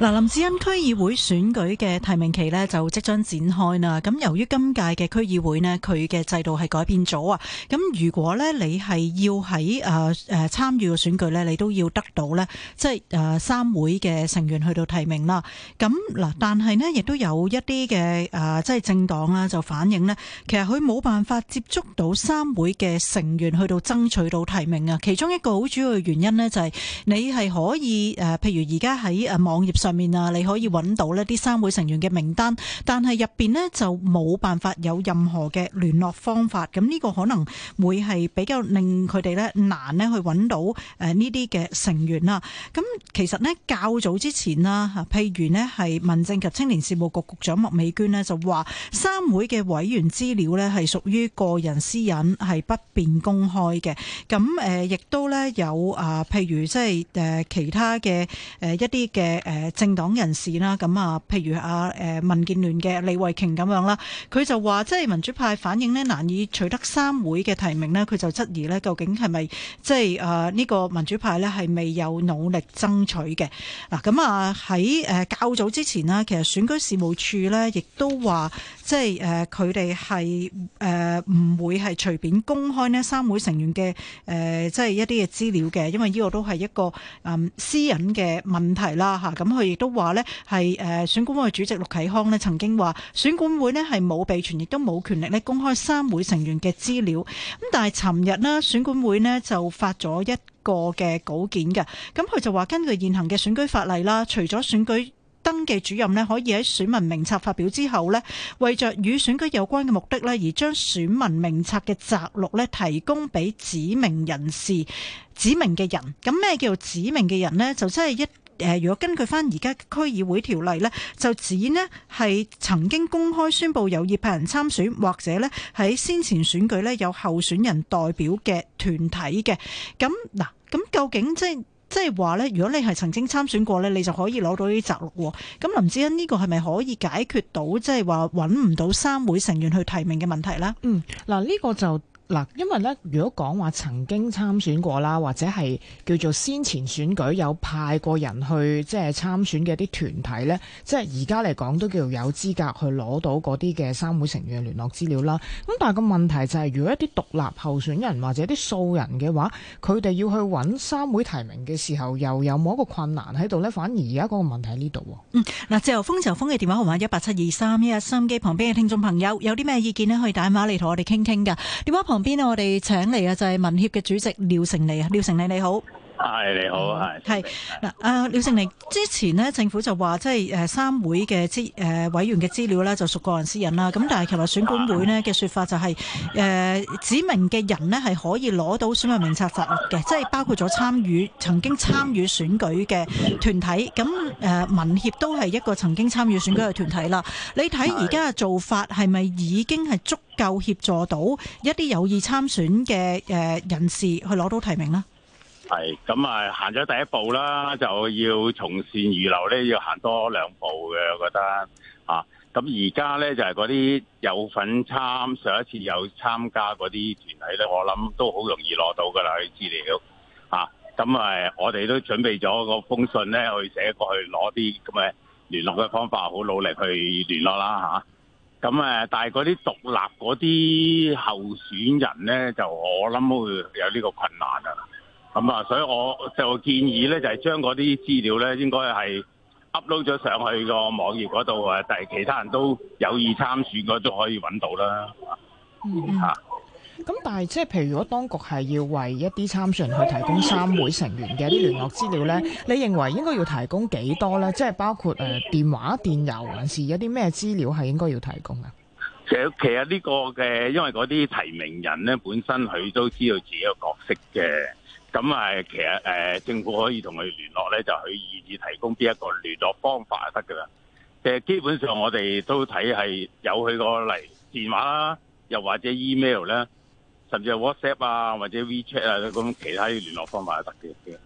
嗱，林志恩區議會選舉嘅提名期呢，就即將展開啦。咁由於今屆嘅區議會呢，佢嘅制度係改變咗啊。咁如果呢，你係要喺誒誒參與嘅選舉呢，你都要得到呢，即係誒三會嘅成員去到提名啦。咁嗱，但係呢，亦都有一啲嘅誒，即係政黨啊，就反映呢，其實佢冇辦法接觸到三會嘅成員去到爭取到提名啊。其中一個好主要嘅原因呢，就係你係可以誒，譬如而家喺誒網頁上，上面啊，你可以揾到呢啲三會成員嘅名單，但係入邊呢就冇辦法有任何嘅聯絡方法，咁呢個可能會係比較令佢哋呢難呢去揾到誒呢啲嘅成員啦。咁其實呢較早之前啦，譬如呢係民政及青年事務局局，局長麥美娟呢，就話，三會嘅委員資料呢係屬於個人私隱，係不便公開嘅。咁誒亦都呢有啊，譬如即係誒其他嘅誒一啲嘅誒政黨人士啦，咁啊，譬如啊，誒民建聯嘅李慧瓊咁樣啦，佢就話即係民主派反映咧，難以取得三會嘅提名咧，佢就質疑咧，究竟係咪即係誒呢個民主派咧係未有努力爭取嘅嗱？咁啊喺誒較早之前啦，其實選舉事務處咧亦都話即係誒佢哋係誒唔會係隨便公開呢三會成員嘅誒即係一啲嘅資料嘅，因為呢個都係一個嗯私隱嘅問題啦吓，咁佢。亦都話呢係誒選管會主席陸啟康呢，曾經話選管會呢係冇備存，亦都冇權力呢公開三會成員嘅資料。咁但係，尋日呢，選管會呢就發咗一個嘅稿件嘅，咁佢就話根據現行嘅選舉法例啦，除咗選舉登記主任呢可以喺選民名冊發表之後呢，為着與選舉有關嘅目的呢，而將選民名冊嘅摘錄呢提供俾指明人士指明嘅人。咁咩叫做指明嘅人呢？就真係一。誒，如果根據返而家區議會條例呢，就指呢係曾經公開宣佈有意派人參選，或者呢喺先前選舉呢有候選人代表嘅團體嘅。咁嗱。咁究竟即即係話呢，如果你係曾經參選過呢，你就可以攞到呢啲摘錄喎。咁林志欣呢個係咪可以解決到，即係話揾唔到三會成員去提名嘅問題呢？嗯，嗱、這、呢個就。嗱，因為咧，如果講話曾經參選過啦，或者係叫做先前選舉有派過人去即係參選嘅啲團體呢，即係而家嚟講都叫做有資格去攞到嗰啲嘅三會成員嘅聯絡資料啦。咁但係個問題就係、是，如果一啲獨立候選人或者啲素人嘅話，佢哋要去揾三會提名嘅時候，又有冇一個困難喺度呢？反而而家嗰個問題喺呢度。嗯，嗱，自由風就風嘅電話號碼一八七二三，一一三，收音機旁邊嘅聽眾朋友有啲咩意見呢？可以打電話嚟同我哋傾傾㗎。電話旁。邊我哋請嚟嘅就係民協嘅主席廖成利啊。廖成利你好，係你好，係係嗱。阿、呃、廖成利之前咧，政府就話即係誒，三會嘅資誒委員嘅資料呢，就屬個人私隱啦。咁但係其實選管會呢嘅說法就係、是、誒、呃，指明嘅人呢，係可以攞到《選民名冊》法律嘅，即係包括咗參與曾經參與選舉嘅團體。咁誒，民、呃、協都係一個曾經參與選舉嘅團體啦。你睇而家嘅做法係咪已經係足？夠協助到一啲有意參選嘅誒人士去攞到提名啦。係咁啊，行咗第一步啦，就要從善如流咧，要行多兩步嘅，我覺得啊。咁而家咧就係嗰啲有份參，上一次有參加嗰啲團體咧，我諗都好容易攞到噶啦啲資料啊。咁啊，我哋都準備咗個封信咧，去寫過去攞啲咁嘅聯絡嘅方法，好努力去聯絡啦吓。啊咁誒，但係嗰啲獨立嗰啲候選人咧，就我諗會有呢個困難啊。咁啊，所以我就建議咧，就係將嗰啲資料咧，應該係 upload 咗上去個網頁嗰度啊，但係其他人都有意參選嘅，都可以揾到啦。嗯、吓。咁但係即係譬如果當局係要為一啲參選人去提供三會成員嘅一啲聯絡資料咧，你認為應該要提供幾多咧？即係包括誒電話、電郵，還是有啲咩資料係應該要提供啊？其實其實呢個嘅，因為嗰啲提名人咧，本身佢都知道自己嘅角色嘅，咁啊其實誒政府可以同佢聯絡咧，就佢願意提供邊一個聯絡方法就得㗎啦。誒基本上我哋都睇係有佢過嚟電話啦，又或者 email 咧。甚至係 WhatsApp 啊，或者 WeChat 啊，咁其他啲聯絡方法特別啲。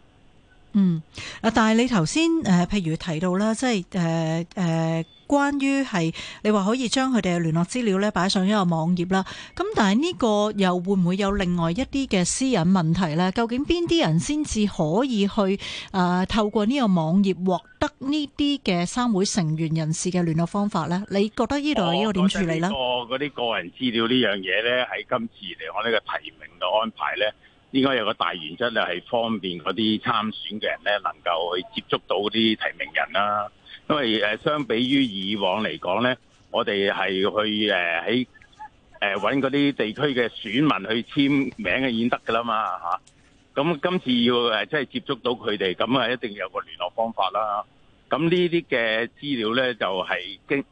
嗯，嗱，但係你頭先誒，譬如提到啦，即係誒誒，關於係你話可以將佢哋嘅聯絡資料咧擺上呢個網頁啦，咁但係呢個又會唔會有另外一啲嘅私隱問題咧？究竟邊啲人先至可以去誒、呃、透過呢個網頁獲得呢啲嘅三會成員人士嘅聯絡方法咧？你覺得呢度應該點處理呢？我嗰啲、這個、個人資料事呢樣嘢咧，喺今次嚟講呢個提名嘅安排咧。應該有個大原則，就係方便嗰啲參選嘅人咧，能夠去接觸到啲提名人啦、啊。因為誒，相比於以往嚟講咧，我哋係去誒喺誒搵嗰啲地區嘅選民去簽名嘅已經得噶啦嘛嚇。咁今次要誒即係接觸到佢哋，咁啊一定要有個聯絡方法啦。咁呢啲嘅資料咧，就係基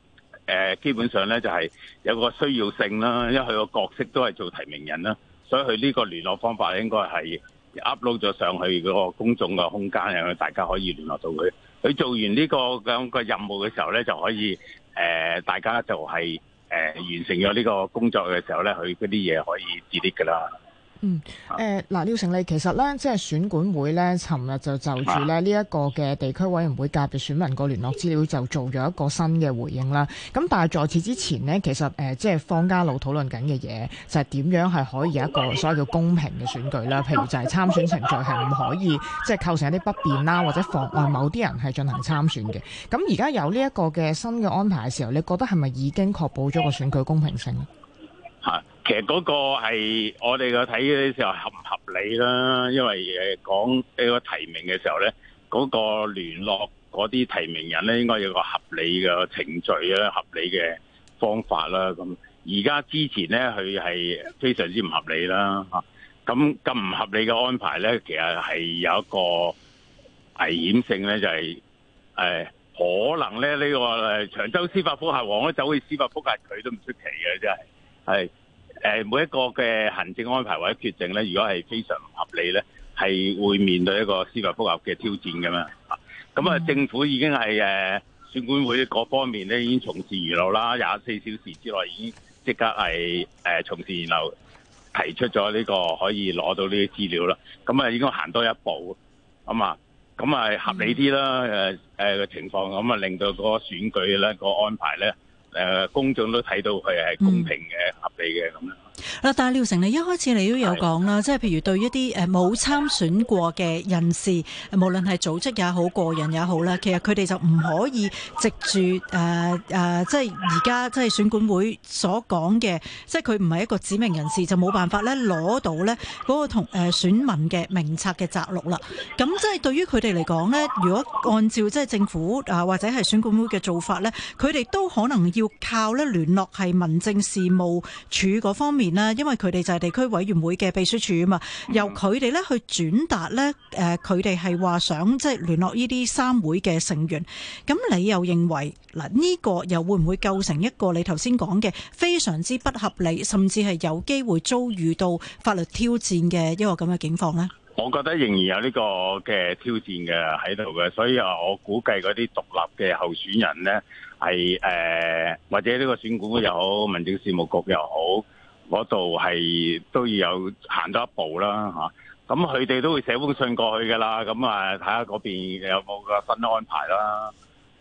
誒基本上咧就係有個需要性啦，因為佢個角色都係做提名人啦。所以佢呢個聯絡方法應該係 upload 咗上去個公眾嘅空間，大家可以聯絡到佢。佢做完呢個咁嘅任務嘅時候咧，就可以誒、呃、大家就係、是、誒、呃、完成咗呢個工作嘅時候咧，佢嗰啲嘢可以 delete 噶啦。嗯，誒、呃、嗱，廖成利其實咧，即係選管會咧，尋日就就住咧呢一、這個嘅地區委員會界別選民個聯絡資料就做咗一個新嘅回應啦。咁但係在此之前呢，其實、呃、即係方家老討論緊嘅嘢，就係、是、點樣係可以有一個所謂叫公平嘅選舉啦。譬如就係參選程序係唔可以即係、就是、構成一啲不便啦，或者妨礙某啲人係進行參選嘅。咁而家有呢一個嘅新嘅安排嘅時候，你覺得係咪已經確保咗個選舉公平性？係。其實嗰個係我哋個睇嘅時候係合唔合理啦，因為誒講呢個提名嘅時候咧，嗰個聯絡嗰啲提名人咧，應該有個合理嘅程序啦，合理嘅方法啦。咁而家之前咧，佢係非常之唔合理啦。吓，咁咁唔合理嘅安排咧，其實係有一個危險性咧，就係誒可能咧呢個誒長洲司法覆核王咧走去司法覆核佢都唔出奇嘅，真係係。誒每一個嘅行政安排或者決定咧，如果係非常唔合理咧，係會面對一個司法複核嘅挑戰。噶嘛咁啊，那麼政府已經係誒選管會嗰方面咧，已經從善如流啦，廿四小時之內已經即刻係誒、呃、從善如流，提出咗呢、這個可以攞到呢啲資料啦。咁啊，已經行多一步咁啊，咁啊合理啲啦。誒誒個情況咁啊，那令到嗰個選舉咧、那個安排咧。誒，公眾都睇到佢係公平嘅、合理嘅咁樣。嗯嗱，但廖成利你一開始你都有講啦，即係譬如對於一啲冇參選過嘅人士，無論係組織也好、個人也好啦，其實佢哋就唔可以藉住誒誒，即係而家即係選管會所講嘅，即係佢唔係一個指名人士，就冇辦法咧攞到呢嗰個同誒選民嘅名冊嘅摘錄啦。咁即係對於佢哋嚟講呢，如果按照即係政府啊或者係選管會嘅做法呢，佢哋都可能要靠呢聯絡係民政事務處嗰方面。因為佢哋就係地區委員會嘅秘書處啊嘛，由佢哋咧去轉達咧，誒，佢哋係話想即係聯絡呢啲三會嘅成員。咁你又認為嗱呢個又會唔會構成一個你頭先講嘅非常之不合理，甚至係有機會遭遇到法律挑戰嘅一個咁嘅境況呢？我覺得仍然有呢個嘅挑戰嘅喺度嘅，所以啊，我估計嗰啲獨立嘅候選人呢，係誒或者呢個選管會又好，民政事務局又好。嗰度係都要有行咗一步啦，吓，咁佢哋都會寫封信過去噶啦。咁啊，睇下嗰邊有冇個新安排啦，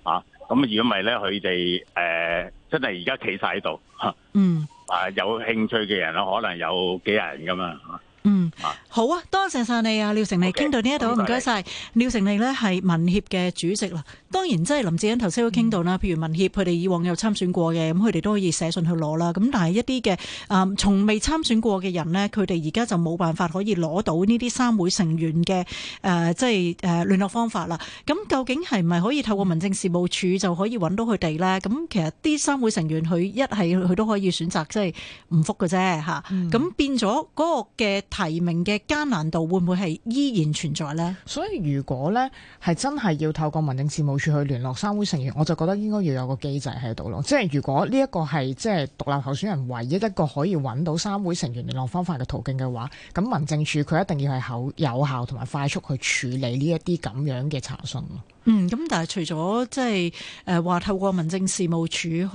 吓，咁如果唔係咧，佢哋誒真係而家企晒喺度吓，嗯，啊，有興趣嘅人啦，可能有幾廿人噶嘛，啊，嗯、啊好啊，多謝晒你啊，廖成利傾 Okay, 到呢一度，唔該晒。廖成利呢係民協嘅主席啦。當然，即係林志恩頭先都傾到啦。譬如民協佢哋以往有參選過嘅，咁佢哋都可以寫信去攞啦。咁但係一啲嘅啊，從未參選過嘅人呢，佢哋而家就冇辦法可以攞到呢啲三會成員嘅誒，即係誒聯絡方法啦。咁究竟係咪可以透過民政事務處就可以揾到佢哋呢？咁其實啲三會成員佢一係佢都可以選擇即係唔覆嘅啫吓。咁變咗嗰個嘅提名嘅。艱難度會唔會係依然存在呢？所以如果咧，係真係要透過民政事務處去聯絡三會成員，我就覺得應該要有個機制喺度咯。即係如果呢一個係即係獨立候選人唯一一個可以揾到三會成員聯絡方法嘅途徑嘅話，咁民政處佢一定要係效有效同埋快速去處理呢一啲咁樣嘅查詢。嗯，咁但係除咗即係誒話透過民政事務處去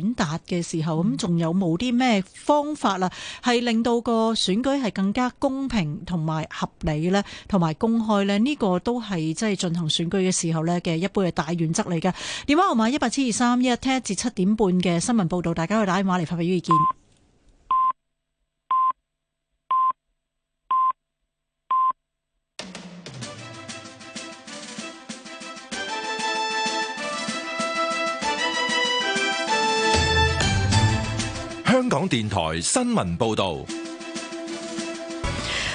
轉達嘅時候，咁仲有冇啲咩方法啦？係令到個選舉係更加公平同埋合理呢？同埋公開呢，呢、呢個都係即係進行選舉嘅時候呢嘅一般嘅大原則嚟㗎。電話號碼一八七二三一，聽一至七點半嘅新聞報道，大家去打電話嚟發表意見。香港電台新聞報道。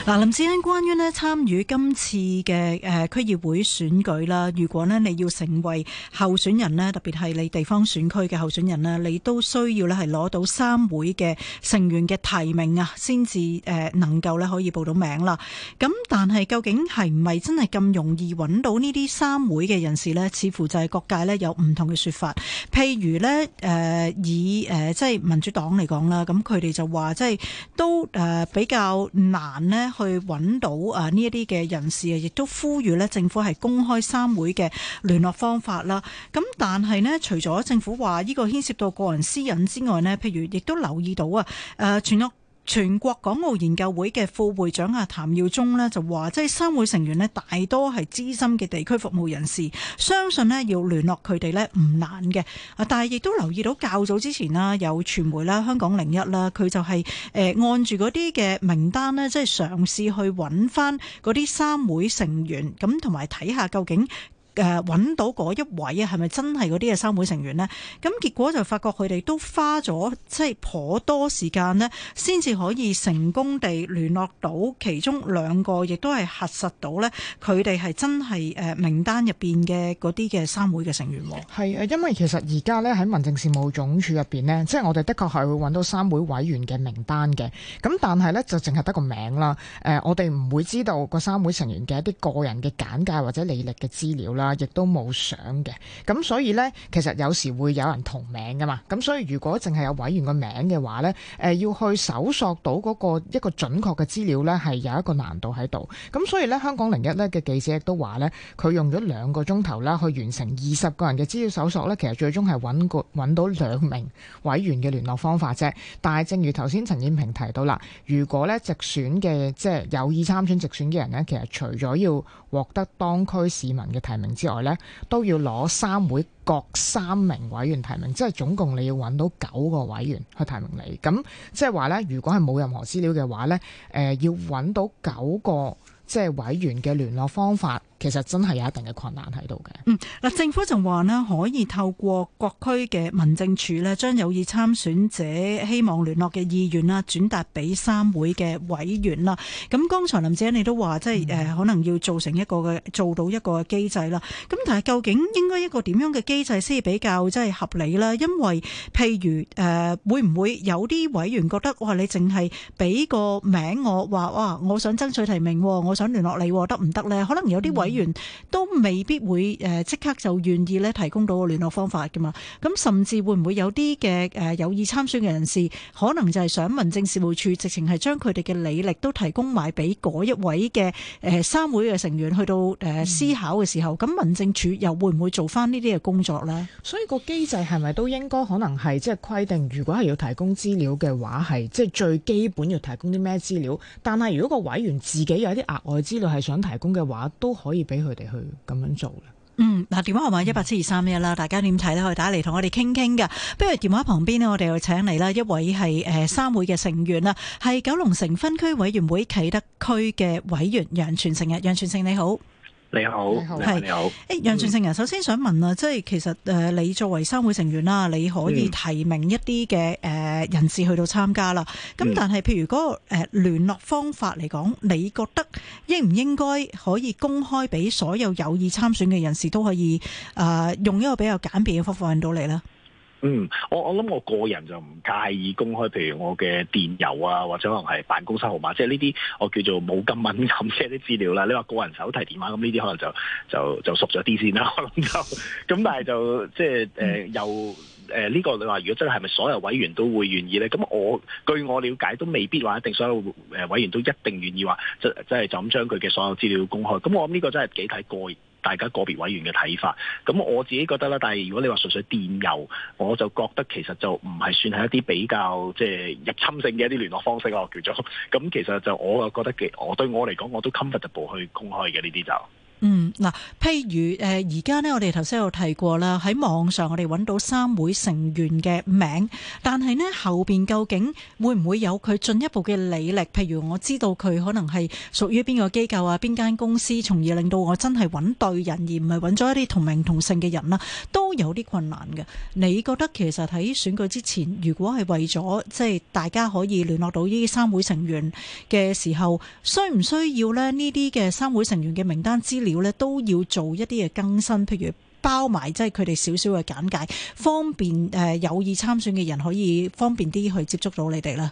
嗱，林志恩，關於咧參與今次嘅誒區議會選舉啦，如果呢你要成為候選人呢特別係你地方選區嘅候選人呢，你都需要呢係攞到三會嘅成員嘅提名啊，先至誒能夠呢可以報到名啦。咁但係究竟係唔係真係咁容易揾到呢啲三會嘅人士呢？似乎就係各界呢有唔同嘅說法。譬如呢誒以誒即係民主黨嚟講啦，咁佢哋就話即係都誒比較難呢去揾到啊呢一啲嘅人士啊，亦都呼籲咧政府係公開三會嘅聯絡方法啦。咁但係咧，除咗政府話呢個牽涉到個人私隱之外咧，譬如亦都留意到啊，誒、呃，全屋。全國港澳研究會嘅副會長阿譚耀宗呢，就話，即係三會成員呢，大多係資深嘅地區服務人士，相信呢要聯絡佢哋呢唔難嘅。啊，但係亦都留意到較早之前啦，有傳媒啦，香港零一啦，佢就係誒按住嗰啲嘅名單呢，即係嘗試去揾返嗰啲三會成員，咁同埋睇下究竟。誒揾到嗰一位啊，係咪真係嗰啲嘅三會成員咧？咁結果就發覺佢哋都花咗即係頗多時間咧，先至可以成功地聯絡到其中兩個亦都係核實到咧，佢哋係真係誒名單入邊嘅嗰啲嘅三會嘅成員。係啊，因為其實而家咧喺民政事務總署入邊咧，即係我哋的確係會揾到三會委員嘅名單嘅。咁但係咧就淨係得個名啦。誒，我哋唔會知道個三會成員嘅一啲個人嘅簡介或者履歷嘅資料啦。亦都冇相嘅，咁所以呢，其實有時會有人同名噶嘛，咁所以如果淨係有委員個名嘅話呢，誒、呃、要去搜索到嗰個一個準確嘅資料呢，係有一個難度喺度。咁所以呢，香港零一呢嘅記者亦都話呢，佢用咗兩個鐘頭啦，去完成二十個人嘅資料搜索呢，其實最終係揾個揾到兩名委員嘅聯絡方法啫。但係，正如頭先陳燕平提到啦，如果呢直選嘅即係有意參選直選嘅人呢，其實除咗要獲得當區市民嘅提名，之外咧，都要攞三會各三名委員提名，即係總共你要揾到九個委員去提名你。咁即係話咧，如果係冇任何資料嘅話咧，誒、呃、要揾到九個即係委員嘅聯絡方法。其實真係有一定嘅困難喺度嘅。嗯，嗱，政府就話呢可以透過各區嘅民政處呢將有意參選者希望聯絡嘅意願啦，轉達俾三會嘅委員啦。咁剛才林姐你都話，即係可能要造成一個嘅、嗯、做到一個機制啦。咁但係究竟應該一個點樣嘅機制先係比較即係合理呢？因為譬如誒、呃，會唔會有啲委員覺得哇，你淨係俾個名我，話哇，我想爭取提名，我想聯絡你，得唔得呢？可能有啲委員員都未必會誒即刻就願意咧提供到個聯絡方法噶嘛，咁甚至會唔會有啲嘅誒有意參選嘅人士，可能就係想民政事務處直情係將佢哋嘅履歷都提供埋俾嗰一位嘅誒三會嘅成員去到誒思考嘅時候，咁民政處又會唔會做翻呢啲嘅工作咧？所以個機制係咪都應該可能係即係規定，如果係要提供資料嘅話是，係即係最基本要提供啲咩資料？但係如果個委員自己有啲額外資料係想提供嘅話，都可以。俾佢哋去咁樣做啦。嗯，嗱，電話號碼一八七二三一啦，1，嗯、大家點睇都可以打嚟，同我哋傾傾噶。不如電話旁邊呢，我哋又請嚟啦一位係誒三會嘅成員啦，係九龍城分區委員會啟德區嘅委員楊全盛嘅。楊全盛你好。你好，你好誒，楊是好全盛人首先想問啊，嗯、即係其實誒，你作為三會成員啦，你可以提名一啲嘅誒人士去到參加啦。咁、嗯、但係，譬如嗰個誒聯絡方法嚟講，你覺得應唔應該可以公開俾所有有意參選嘅人士都可以誒用一個比較簡便嘅方法揾到你呢？嗯，我我諗我個人就唔介意公開，譬如我嘅電郵啊，或者可能係辦公室號碼，即係呢啲我叫做冇咁敏感嘅啲資料啦。你話個人手提電話咁呢啲可能就就就熟咗啲先啦，我諗就咁，但係就即係誒又誒呢、呃呢個你話如果真係咪所有委員都會願意咧？咁我據我了解都未必話一定所有誒委員都一定願意話即即係就咁將佢嘅所有資料公開。咁我諗呢個真係幾睇個人。大家個別委員嘅睇法，咁我自己覺得啦。但係如果你話純粹電郵，我就覺得其實就唔係算係一啲比較即係入侵性嘅一啲聯絡方式咯，叫做咁。其實就我啊覺得我對我嚟講我都 comfortable 去公開嘅呢啲就。嗯，嗱，譬如誒而家咧，我哋頭先有提過啦，喺網上我哋揾到三會成員嘅名，但係咧後邊究竟會唔會有佢進一步嘅履歷，譬如我知道佢可能係屬於邊個機構啊，邊間公司，從而令到我真係揾對人，而唔係揾咗一啲同名同姓嘅人啦，都有啲困難嘅。你覺得其實喺選舉之前，如果係為咗即係大家可以聯絡到呢啲三會成員嘅時候，需唔需要咧呢啲嘅三會成員嘅名單資料？料咧都要做一啲嘅更新，譬如包埋即係佢哋少少嘅簡介，方便誒有意參選嘅人可以方便啲去接觸到你哋啦。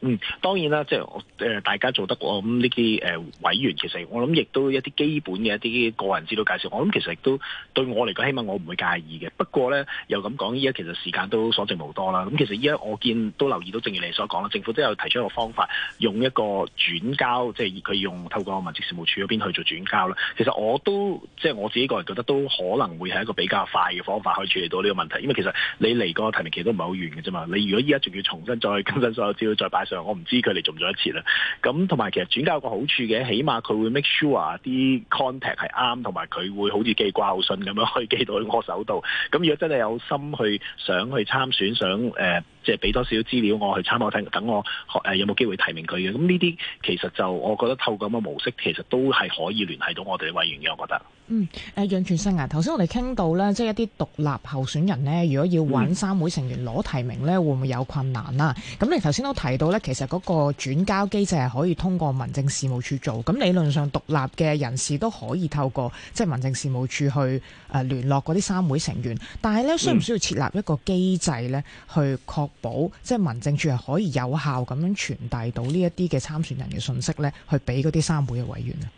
嗯，當然啦，即係我、呃、大家做得過咁呢啲呃、委員，其實我諗亦都一啲基本嘅一啲個人資料介紹，我諗其實亦都對我嚟講，起碼我唔會介意嘅。不過咧，又咁講，依家其實時間都所剩無多啦。咁、嗯、其實依家我見都留意到，正如你所講啦，政府都有提出一個方法，用一個轉交，即係佢用透過民政事務處嗰邊去做轉交啦。其實我都即係我自己個人覺得都可能會係一個比較快嘅方法，可以處理到呢個問題。因為其實你離個提名其實都唔係好遠嘅啫嘛。你如果依家仲要重新再更新所有資料，再擺。我唔知佢哋做唔做一次啦，咁同埋其實轉交有個好處嘅，起碼佢會 make sure 啲 contact 係啱，同埋佢會好似寄掛號信咁樣可以寄到去我手度。咁如果真係有心去想去參選，想誒、呃。即係俾多少資料我去參考睇，等我誒有冇機會提名佢嘅。咁呢啲其實就我覺得透過咁嘅模式，其實都係可以聯繫到我哋嘅委員嘅。我覺得，嗯，誒楊全盛啊，頭先我哋傾到咧，即、就、係、是、一啲獨立候選人咧，如果要揾三會成員攞提名咧，嗯、會唔會有困難啦？咁你頭先都提到咧，其實嗰個轉交機制係可以通過民政事務處做，咁理論上獨立嘅人士都可以透過即係、就是、民政事務處去誒聯絡嗰啲三會成員，但係咧，需唔需要設立一個機制咧去確、嗯？保即係民政處係可以有效咁樣傳遞到呢一啲嘅參選人嘅訊息咧，去俾嗰啲三會嘅委員啊。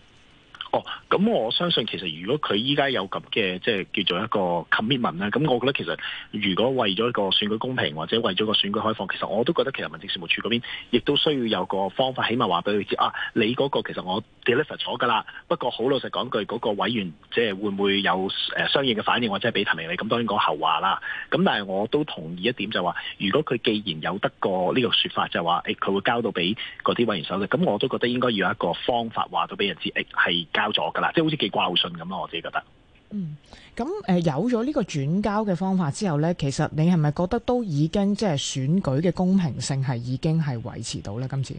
哦，咁我相信其實如果佢依家有咁嘅即係叫做一個 commitment 啦，咁我覺得其實如果為咗一個選舉公平或者為咗個選舉開放，其實我都覺得其實民政事務處嗰邊亦都需要有個方法，起碼話俾佢知啊，你嗰個其實我 delivered 咗㗎啦。不過好老實講句，嗰個委員即係會唔會有誒相應嘅反應，或者係俾提名你？咁當然講後話啦。咁但係我都同意一點就係話，如果佢既然有得個呢個說法，就話佢會交到俾嗰啲委員手嘅，咁我都覺得應該要有一個方法、啊個那個會會呃、話到俾人知，誒係。交咗噶啦，即係好似幾挂好順咁咯，我自己覺得。嗯，咁誒，有咗呢個轉交嘅方法之後呢，其實你係咪覺得都已經即係、就是、選舉嘅公平性係已經係維持到呢？今次？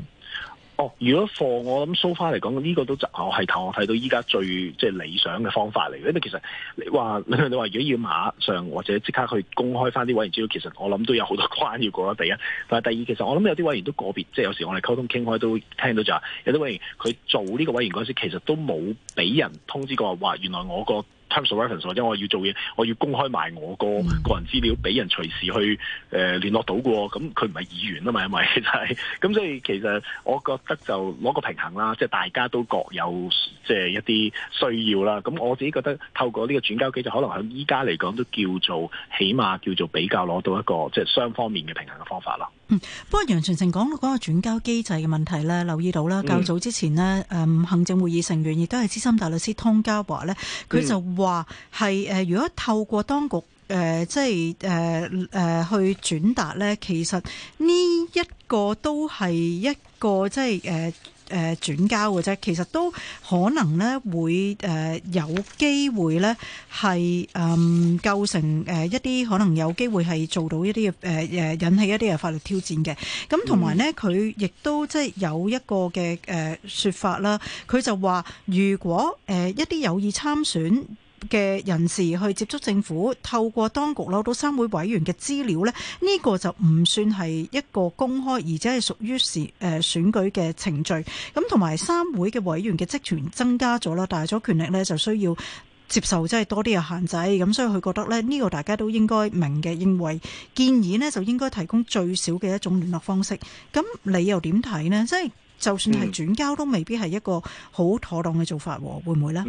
哦，如果放我諗 so far 嚟講，呢、這個都、哦、我係頭我睇到依家最即係理想嘅方法嚟嘅，因為其實你話你話如果要馬上或者即刻去公開翻啲委員資料，其實我諗都有好多關要過一第一，但係第二其實我諗有啲委員都個別，即係有時我哋溝通傾開都聽到就話有啲委員佢做呢個委員嗰時，其實都冇俾人通知過話原來我個。因為我要做嘢，我要公開埋我個個人資料俾人隨時去誒、呃、聯絡到嘅喎，咁佢唔係議員啊嘛，因係咪？咁、就是嗯、所以其實我覺得就攞個平衡啦，即係大家都各有即係一啲需要啦。咁、嗯、我自己覺得透過呢個轉交機制，可能喺依家嚟講都叫做起碼叫做比較攞到一個即係雙方面嘅平衡嘅方法咯、嗯。不過楊全盛講到嗰個轉交機制嘅問題咧，留意到啦，較早之前呢，誒、嗯嗯、行政會議成員亦都係資深大律師湯家驊咧，佢就。話係誒，如果透過當局誒、呃，即係誒誒去轉達咧，其實呢一個都係一個即係誒誒轉交嘅啫。其實都可能咧會誒、呃、有機會咧係嗯構成誒一啲可能有機會係做到一啲誒誒引起一啲嘅法律挑戰嘅。咁同埋呢，佢亦、嗯、都即係有一個嘅誒説法啦。佢就話，如果誒、呃、一啲有意參選。嘅人士去接觸政府，透過當局攞到三會委員嘅資料咧，呢、呢個就唔算係一個公開，而且係屬於選誒選舉嘅程序。咁同埋三會嘅委員嘅職權增加咗啦，大咗權力咧就需要接受即係多啲嘅限制。咁所以佢覺得咧，呢個大家都應該明嘅，認為建議咧就應該提供最少嘅一種聯絡方式。咁你又點睇咧？即係。就算係轉交都未必係一個好妥當嘅做法，嗯、會唔會呢？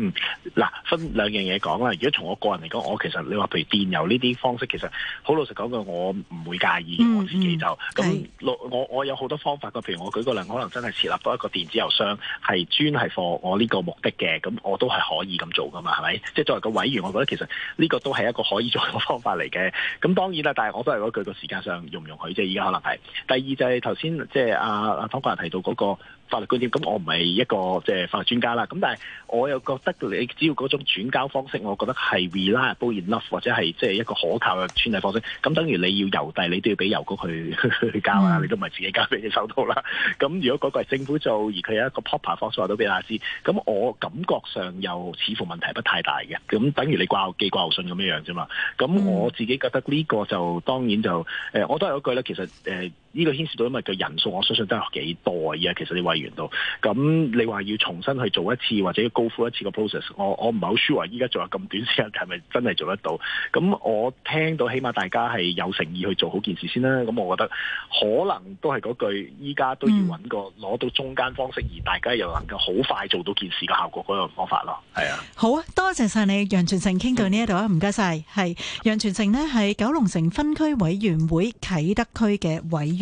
嗱、嗯，分兩樣嘢講啦。如果從我個人嚟講，我其實你話譬如電郵呢啲方式，其實好老實講句，我唔會介意我自己就咁、嗯。我我有好多方法嘅，譬如我舉個例，可能真係設立多一個電子郵箱，係專係放我呢個目的嘅。咁我都係可以咁做㗎嘛，係咪？即係作為個委員，我覺得其實呢個都係一個可以做嘅方法嚟嘅。咁當然啦，但係我都係嗰句，個時間上容唔容許？啫，而家可能係。第二就係頭先即係阿阿方哥提到嗰、那個。法律觀點，咁我唔係一個即、就是、法律專家啦。咁但係我又覺得你只要嗰種轉交方式，我覺得係 reliable enough 或者係即係一個可靠嘅傳遞方式。咁等於你要郵遞，你都要俾郵局去 去交啊，你都唔係自己交俾你手度啦。咁如果嗰個係政府做，而佢有一個 proper 方式話俾你知，咁我感覺上又似乎問題不太大嘅。咁等於你掛號寄掛號信咁樣咋啫嘛。咁我自己覺得呢個就當然就、呃、我都係嗰句呢，其實、呃呢個牽涉到，因為個人數我相信都係幾多啊！而家其實啲委員度，咁你話要重新去做一次，或者要高呼一次個 process，我我唔係好 sure 依家做喺咁短時間係咪真係做得到？咁我聽到，起碼大家係有誠意去做好件事先啦。咁我覺得可能都係嗰句，依家都要揾個攞、嗯、到中間方式，而大家又能夠好快做到件事嘅效果嗰、那個方法咯。係啊，好啊，多謝晒你，楊全盛傾到呢一度啊，唔該晒，係楊全盛咧，係九龍城分區委員會啟德區嘅委員。